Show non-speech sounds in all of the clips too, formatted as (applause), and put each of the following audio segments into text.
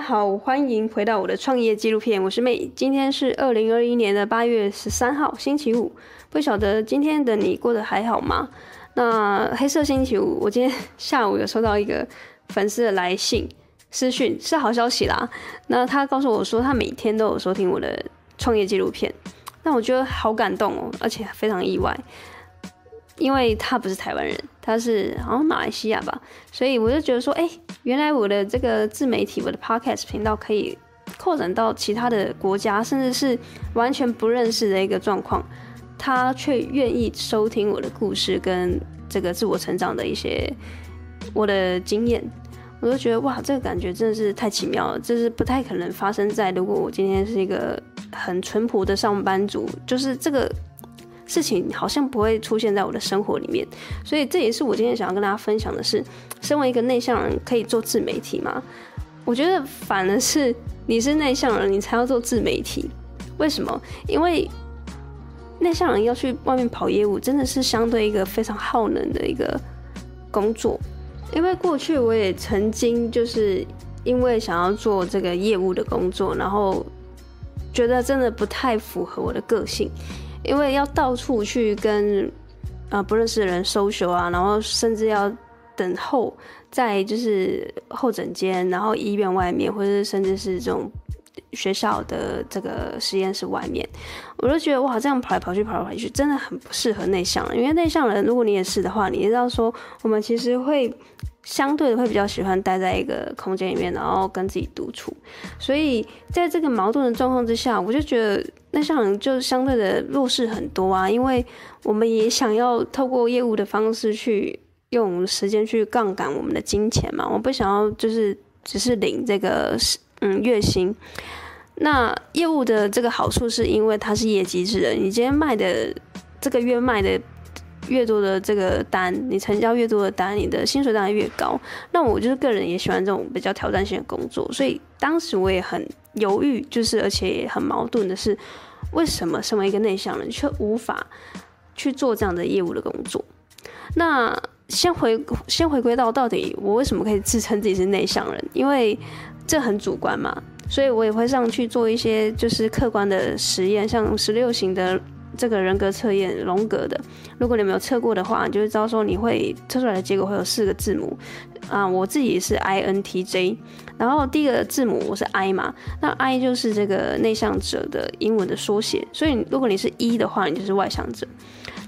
好，歡迎回到我的創業紀錄片，我是 May。今天是二零二一年的八月十三號，星期五。不曉得今天的你過得還好嗎？那黑色星期五，我今天下午有收到一個粉絲的來信私訊，是好消息啦。那他告訴我說，他每天都有收聽我的創業紀錄片，那我覺得好感動哦，而且非常意外，因為他不是台灣人。他是好像馬來西亞吧，所以我就覺得說，哎、欸，原來我的這個自媒體，我的 podcast 頻道可以擴展到其他的國家，甚至是完全不認識的一個狀況，他卻願意收聽我的故事跟這個自我成長的一些我的經驗，我就覺得哇，這個感覺真的是太奇妙了，這是不太可能發生在如果我今天是一個很淳樸的上班族，就是這個。事情好像不會出現在我的生活裡面，所以這也是我今天想要跟大家分享的是：身為一個內向人，可以做自媒體嗎？我覺得反而是你是內向人，你才要做自媒體。為什麼？因為內向人要去外面跑業務，真的是相對一個非常耗能的一個工作。因為過去我也曾經就是因為想要做這個業務的工作，然後覺得真的不太符合我的個性。因為要到處去跟，呃，不認識的人 social 啊，然後甚至要等候在就是候診間，然後醫院外面，或者甚至是這種學校的這個實驗室外面，我就覺得哇，這樣跑來跑去，跑來跑去，真的很不適合內向人。因為內向人，如果你也是的話，你知道說我們其實會相對的會比較喜歡待在一個空間裡面，然後跟自己獨處。所以在這個矛盾的狀況之下，我就覺得。那像就相對的弱勢很多啊，因為我們也想要透過業務的方式去用時間去槓桿我們的金錢嘛，我不想要就是只是領這個嗯月薪。那業務的這個好處是因為它是業績制的，你今天賣的這個月賣的越多的這個單，你成交越多的單，你的薪水當然越高。那我就是個人也喜歡這種比較挑戰性的工作，所以當時我也很。猶豫就是，而且也很矛盾的是，為什麼身為一個內向人卻無法去做這樣的業務的工作？那先回先回歸到到底我為什麼可以自稱自己是內向人？因為這很主觀嘛，所以我也會上去做一些就是客觀的實驗，像十六型的，這個人格測驗，榮格的。如果你沒有測過的話，你就知道說你會測出來的結果會有四個字母啊。我自己是 I N T J，然後第一個字母我是 I 嘛，那 I 就是這個內向者的英文的縮寫。所以如果你是 E 的話，你就是外向者。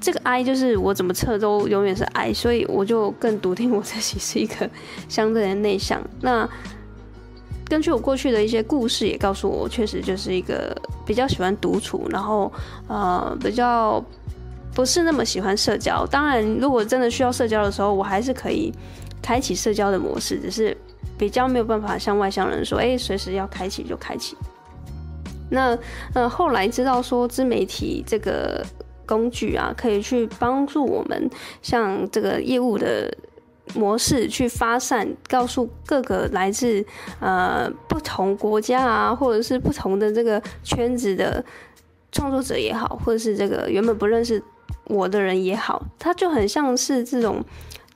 這個 I 就是我怎麼測都永遠是 I，所以我就更篤定我自己是一個相對的內向。那。根據我過去的一些故事，也告訴我，確實就是一個比較喜歡獨處，然後呃比較不是那麼喜歡社交。當然，如果真的需要社交的時候，我還是可以開啟社交的模式，只是比較沒有辦法向外向人說，哎、欸，隨時要開啟就開啟。那呃後來知道說自媒體這個工具啊，可以去幫助我們像這個業務的。模式去發散，告訴各個來自呃不同國家啊，或者是不同的這個圈子的創作者也好，或者是這個原本不認識我的人也好，它就很像是這種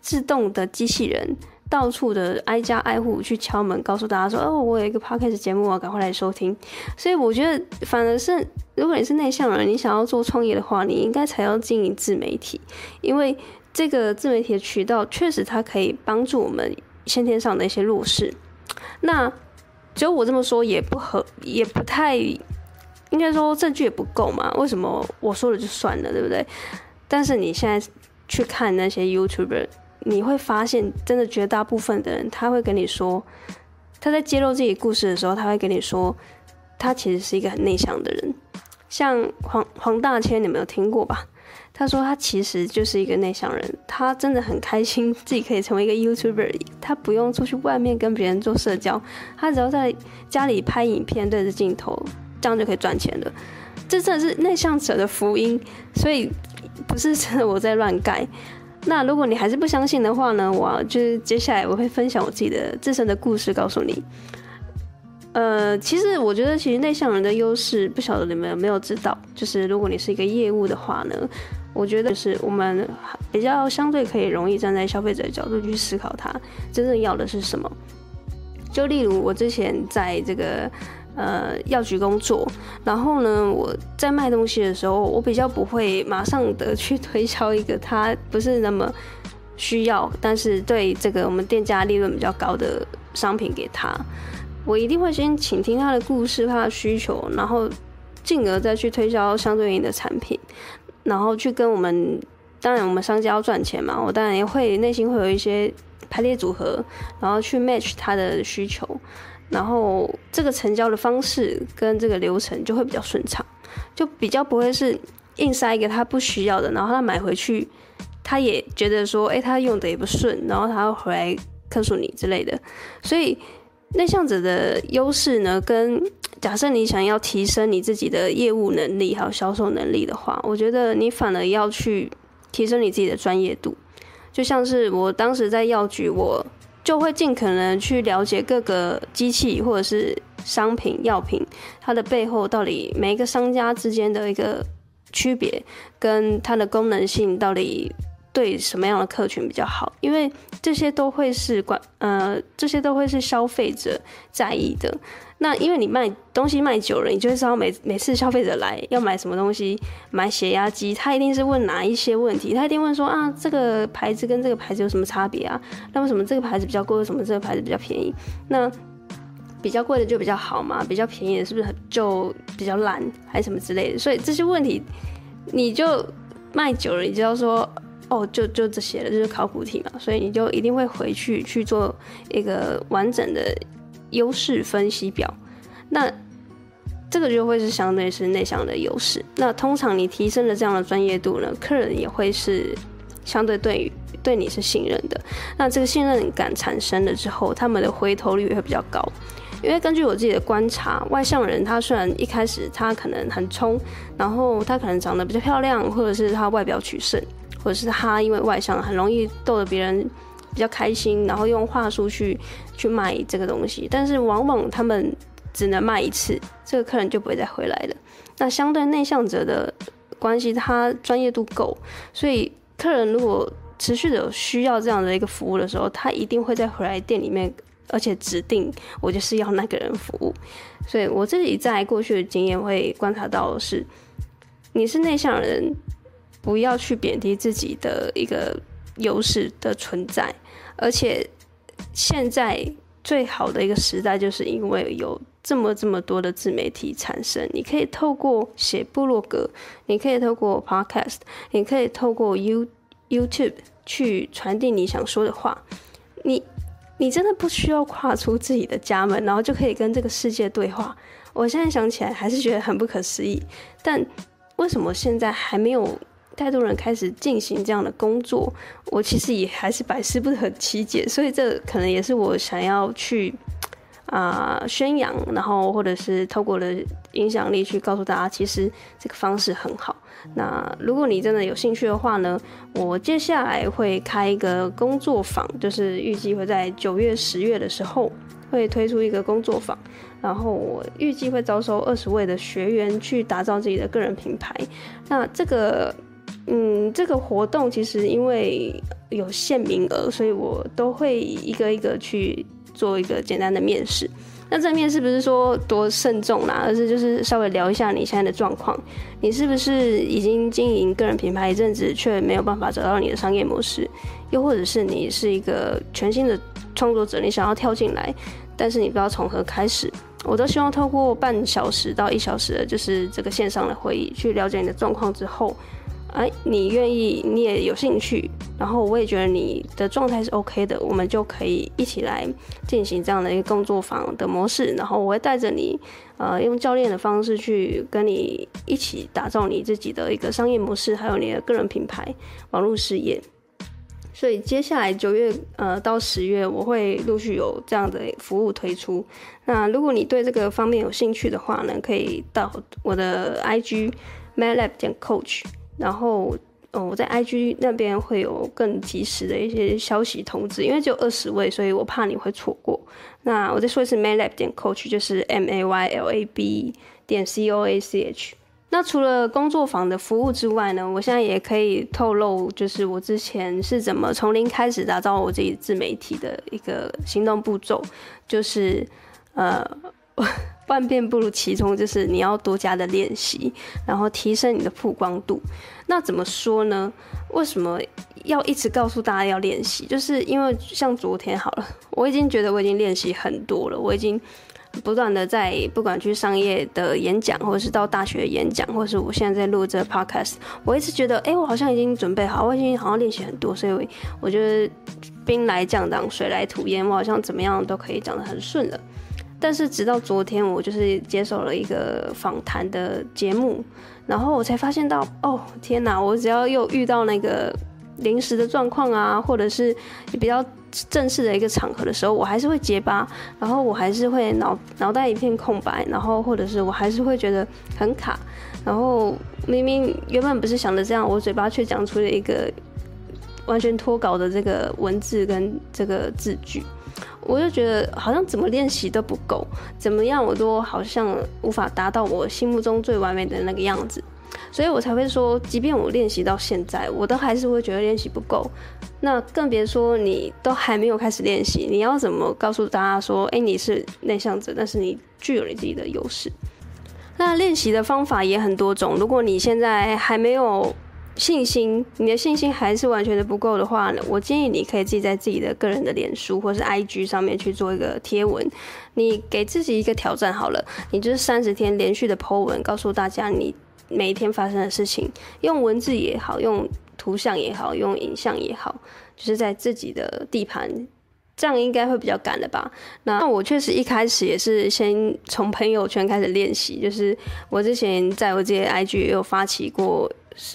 自動的機器人，到處的挨家挨戶去敲門，告訴大家說：“哦，我有一個 podcast 節目啊，趕快來收聽。”所以我覺得反而是，如果你是內向人，你想要做創業的話，你應該才要經營自媒體，因為，這個自媒體的渠道確實，它可以幫助我們先天上的一些弱勢。那只有我這麼說也不合，也不太，應該說證據也不夠嘛。為什麼我說了就算了，對不對？但是你現在去看那些 YouTuber，你會發現，真的絕大部分的人，他會跟你說，他在揭露自己故事的時候，他會跟你說，他其實是一個很內向的人。像黃黃大千，你沒有聽過吧？他說，他其實就是一個內向人，他真的很開心自己可以成為一個 YouTuber，他不用出去外面跟別人做社交，他只要在家裡拍影片，對着鏡頭，這樣就可以賺錢了。這真的是內向者的福音，所以不是真的我在亂蓋。那如果你還是不相信的話呢，我、啊、就是接下來我會分享我自己的自身的故事，告訴你。呃，其實我覺得，其實內向人的優勢，不曉得你們有沒有知道，就是如果你是一個業務的話呢，我覺得就是我們比較相對可以容易站在消費者的角度去思考，他真正要的是什麼。就例如我之前在這個呃藥局工作，然後呢我在賣東西的時候，我比較不會馬上的去推銷一個他不是那麼需要，但是對這個我們店家利潤比較高的商品給他。我一定會先傾聽他的故事、他的需求，然後，進而再去推銷相對應的產品，然後去跟我們，當然我們商家要賺錢嘛，我當然也會內心會有一些排列組合，然後去 match 他的需求，然後這個成交的方式跟這個流程就會比較順暢，就比較不會是硬塞給他不需要的，然後他買回去，他也覺得說，哎，他用的也不順，然後他要回來告訴你之類的，所以。內向者的優勢呢，跟假設你想要提升你自己的業務能力還有銷售能力的話，我覺得你反而要去提升你自己的專業度。就像是我當時在藥局，我就會盡可能去了解各個機器或者是商品藥品它的背後到底每一個商家之間的一個區別，跟它的功能性到底。對什麼樣的客群比較好？因為這些都會是管呃，這些都會是消費者在意的。那因為你賣東西賣久了，你就會知道每每次消費者來要買什麼東西，買血壓機，他一定是問哪一些問題，他一定問說啊，這個牌子跟這個牌子有什麼差別啊？那為什麼這個牌子比較貴？為什麼這個牌子比較便宜？那比較貴的就比較好嘛？比較便宜的是不是就比較爛還是什麼之類的？所以這些問題，你就賣久了，你就要說。哦，就就這些了，就是考古題嘛，所以你就一定會回去去做一個完整的優勢分析表。那這個就會是相對是內向的優勢。那通常你提升了這樣的專業度呢，客人也會是相對對於對你是信任的。那這個信任感產生了之後，他們的回頭率也會比較高。因為根據我自己的觀察，外向人他雖然一開始他可能很衝，然後他可能長得比較漂亮，或者是他外表取勝。或者是他因為外向，很容易逗得別人比較開心，然後用話術去去賣這個東西。但是往往他們只能賣一次，這個客人就不會再回來了。那相對內向者的關係，他專業度夠，所以客人如果持續的有需要這樣的一個服務的時候，他一定會再回來店裡面，而且指定我就是要那個人服務。所以我自己在過去的經驗會觀察到的是，你是內向人，不要去貶低自己的一個優勢的存在，而且現在最好的一個時代，就是因為有這麼這麼多的自媒體產生。你可以透過寫部落格，你可以透過 Podcast，你可以透過 You YouTube 去傳遞你想說的話。你你真的不需要跨出自己的家門，然後就可以跟這個世界對話。我現在想起來還是覺得很不可思議。但為什麼現在還沒有？太多人開始進行這樣的工作，我其實也還是百思不得其解，所以這可能也是我想要去啊、呃、宣揚，然後或者是透過了影響力去告訴大家，其實這個方式很好。那如果你真的有興趣的話呢，我接下來會開一個工作坊，就是預計會在九月、十月的時候會推出一個工作坊，然後我預計會招收二十位的學員去打造自己的個人品牌。那這個。嗯，這個活動其實因為有限名額，所以我都會一個一個去做一個簡單的面試。那這面試不是說多慎重啦，啊，而是就是稍微聊一下你現在的狀況。你是不是已經經營個人品牌一陣子，卻沒有辦法找到你的商業模式？又或者是你是一個全新的創作者，你想要跳進來，但是你不知道從何開始？我都希望透過半小時到一小時的，就是這個線上的會議，去了解你的狀況之後。哎、啊，你願意，你也有興趣，然後我也覺得你的狀態是 OK 的，我們就可以一起來進行這樣的一個工作坊的模式。然後我會帶着你，呃，用教練的方式去跟你一起打造你自己的一個商業模式，還有你的個人品牌、網絡事業。所以接下來九月呃到十月，呃、10月我會陸續有這樣的服務推出。那如果你對這個方面有興趣的話呢，可以到我的 IG maylab 點 Coach。然後，嗯、哦，我在 IG 那邊會有更及時的一些消息通知，因為只有二十位，所以我怕你會錯過。那我再說一次，Maylab 點 Coach 就是 M A Y L A B 點 C O A C H。那除了工作坊的服務之外呢，我現在也可以透露，就是我之前是怎麼從零開始打造我自己自媒體的一個行動步驟，就是，呃。萬變不如其中，就是你要多加的練習，然後提升你的曝光度。那怎麼說呢？為什麼要一直告訴大家要練習？就是因為像昨天好了，我已經覺得我已經練習很多了，我已經不斷的在不管去商業的演講，或者是到大學演講，或是我現在在錄這個 podcast，我一直覺得，哎、欸，我好像已經準備好，我已經好像練習很多，所以我覺得兵來將擋，水來土掩，我好像怎麼樣都可以講得很順了。但是直到昨天，我就是接受了一個訪談的節目，然後我才發現到，哦，天哪！我只要又遇到那個臨時的狀況啊，或者是比較正式的一個場合的時候，我還是會結巴，然後我還是會腦腦袋一片空白，然後或者是我還是會覺得很卡，然後明明原本不是想的這樣，我嘴巴卻講出了一個完全脫稿的這個文字跟這個字句。我就覺得好像怎麼練習都不夠，怎麼樣我都好像無法達到我心目中最完美的那個樣子，所以我才會說，即便我練習到現在，我都還是會覺得練習不夠。那更別說你都還沒有開始練習，你要怎麼告訴大家說，哎，你是內向者，但是你具有你自己的優勢？那練習的方法也很多種，如果你現在還沒有。信心，你的信心還是完全的不夠的話呢，我建議你可以自己在自己的個人的臉書或是 IG 上面去做一個貼文，你給自己一個挑戰好了，你就是三十天連續的 po 文，告訴大家你每一天發生的事情，用文字也好，用圖像也好，用影像也好，就是在自己的地盤，這樣應該會比較敢的吧？那我確實一開始也是先從朋友圈開始練習，就是我之前在我自己的 IG 也有發起過。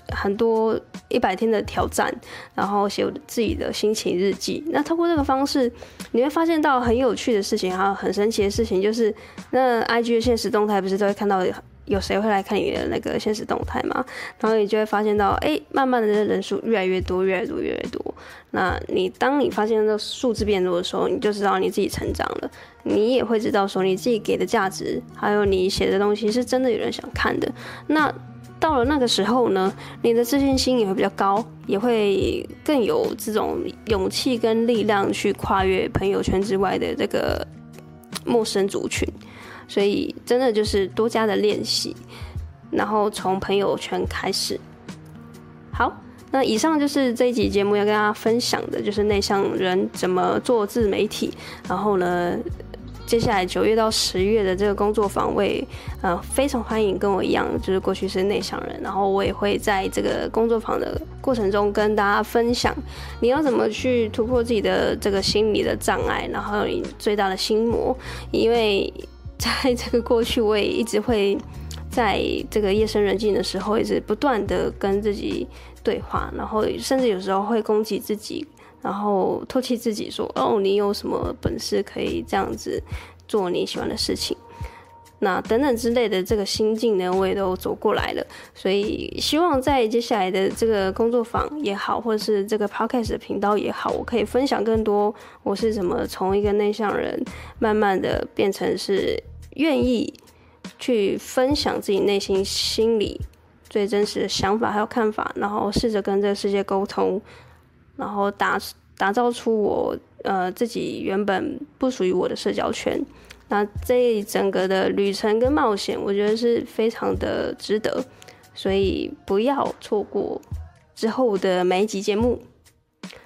很多一百天的挑戰，然後寫自己的心情日記。那通過這個方式，你會發現到很有趣的事情，還有很神奇的事情，就是那 IG 的限時動態不是都會看到有誰會來看你的那個限時動態嗎？然後你就會發現到，哎、欸，慢慢的這人數越來越多，越來越多，越來越多。那你當你發現這個數字變多的時候，你就知道你自己成長了。你也會知道說你自己給的價值，還有你寫的東西是真的有人想看的。那。到了那個時候呢，你的自信心也會比較高，也會更有這種勇氣跟力量去跨越朋友圈之外的這個陌生族群，所以真的就是多加的練習，然後從朋友圈開始。好，那以上就是這一集節目要跟大家分享的，就是內向人怎麼做自媒體，然後呢，接下來九月到十月的這個工作坊我也，也呃非常歡迎跟我一樣，就是過去是內向人，然後我也會在這個工作坊的過程中跟大家分享，你要怎麼去突破自己的這個心理的障礙，然後你最大的心魔，因為在這個過去，我也一直會在這個夜深人靜的時候，一直不斷的跟自己對話，然後甚至有時候會攻擊自己。然後，唾棄自己說：“哦，你有什麼本事可以這樣子做你喜歡的事情？那等等之類的這個心境呢，我也都走過來了。所以，希望在接下來的這個工作坊也好，或者是這個 podcast 頻道也好，我可以分享更多我是怎麼從一個內向人，慢慢的變成是願意去分享自己內心、心裡最真實的想法還有看法，然後試着跟這個世界溝通。”然後打打造出我呃自己原本不屬於我的社交圈，那這整個的旅程跟冒險，我覺得是非常的值得，所以不要錯過之後的每一集節目。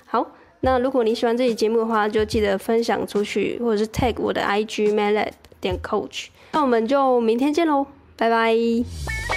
好，那如果你喜歡這集節目的話，就記得分享出去，或者是 tag 我的 IG maylab 點 coach。 (music) 那我們就明天見嘍，拜拜。